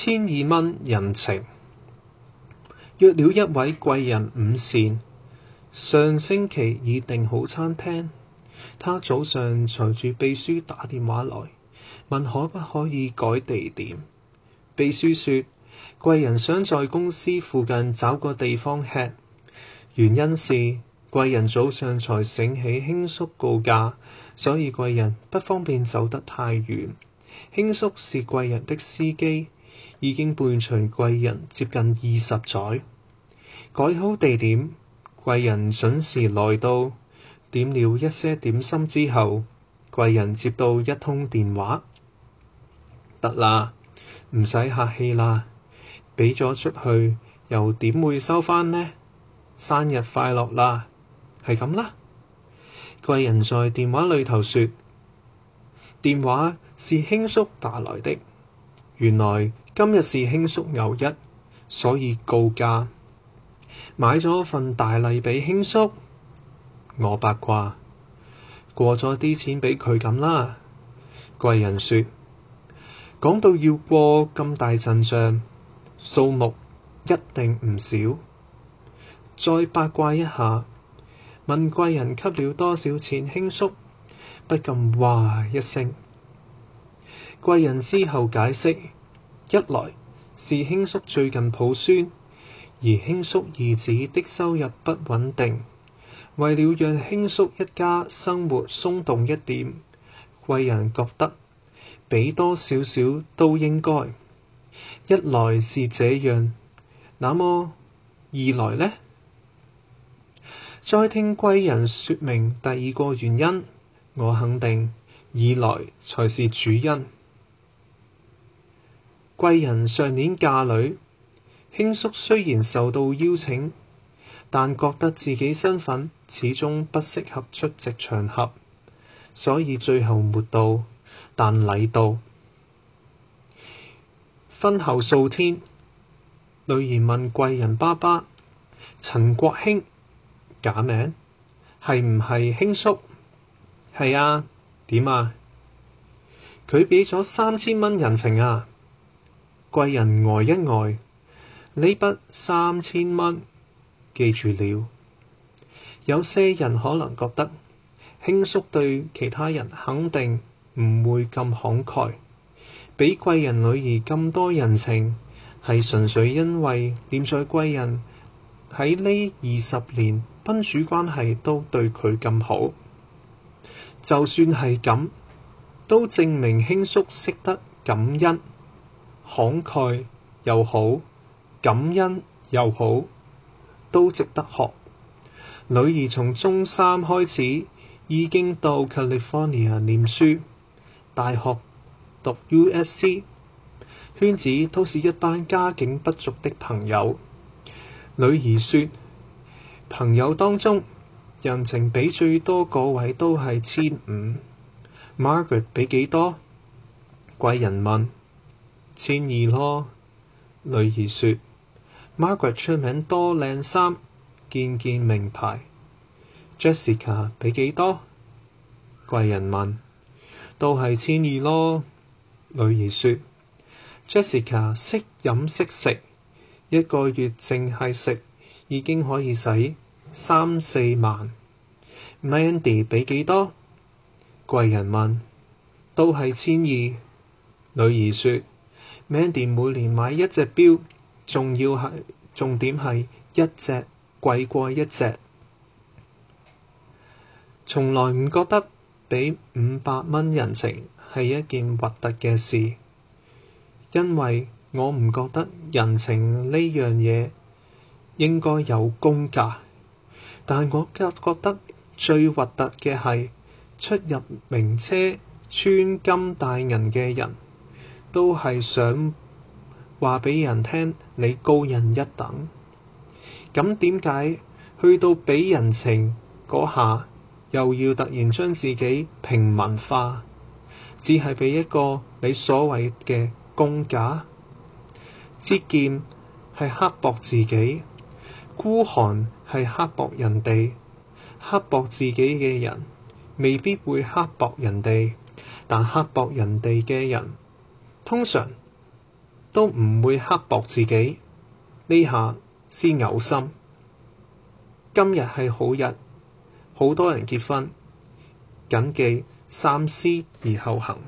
千二蚊人情，約了一位貴人午膳。上星期已定好餐廳，他早上隨住秘書打電話來問可不可以改地點。秘書說貴人想在公司附近找個地方吃，原因是貴人早上才醒起輕叔告假，所以貴人不方便走得太遠。輕叔是貴人的司機。已經伴隨貴人接近二十載。改好地點，貴人準時來到，點了一些點心之後，貴人接到一通電話。得啦，唔使客氣啦，畀咗出去又點會收翻呢？生日快樂啦，係咁啦。貴人在電話裏頭說：電話是輕叔打來的，原來。今日是兄叔牛一，所以告假，買咗份大禮俾兄叔。我八卦，過咗啲錢俾佢咁啦。貴人說，講到要過咁大陣仗，數目一定唔少。再八卦一下，問貴人給了多少錢兄叔，不禁嘩一聲。貴人之後解釋。一來是兄叔最近抱孫，而兄叔兒子的收入不穩定，為了讓兄叔一家生活鬆動一點，貴人覺得畀多少少都應該。一來是這樣，那麼二來呢？再聽貴人説明第二個原因，我肯定二來才是主因。貴人上年嫁女，卿叔雖然受到邀請，但覺得自己身份始終不適合出席場合，所以最後沒到，但禮到。婚後數天，女兒問貴人，爸爸陳國興假名係唔係卿叔？係啊，點啊？佢畀咗三千蚊人情啊！貴人呆一呆，呢筆三千蚊，記住了。有些人可能覺得，輕叔對其他人肯定唔會咁慷慨，俾貴人女兒咁多人情，係純粹因為念在貴人喺呢二十年賓主關係都對佢咁好。就算係咁，都證明輕叔識得感恩。慷慨又好，感恩又好，都值得學。女兒從中三開始已經到 California 念書，大學讀 USC。圈子都是一班家境不俗的朋友。女兒說：朋友當中人情俾最多嗰位都係千五。Margaret 俾幾多？貴人問。千二咯，女兒說：Margaret 出名多靚衫，件件名牌。Jessica 畀幾多？貴人問，都係千二咯。女兒說：Jessica 識飲識食，一個月淨係食已經可以使三四萬。Mandy 畀幾多？貴人問，都係千二。女兒說。Mandy 每年買一隻錶，重要係，重點係一隻貴過一隻，從來唔覺得畀五百蚊人情係一件核突嘅事，因為我唔覺得人情呢樣嘢應該有公價，但我覺覺得最核突嘅係出入名車、穿金戴銀嘅人。都係想話畀人聽，你高人一等。咁點解去到畀人情嗰下，又要突然將自己平民化？只係畀一個你所謂嘅公價，節儉係刻薄自己，孤寒係刻薄人哋。刻薄自己嘅人未必會刻薄人哋，但刻薄人哋嘅人，通常都唔會刻薄自己，呢下先嘔心。今日係好日，好多人結婚，謹記三思而後行。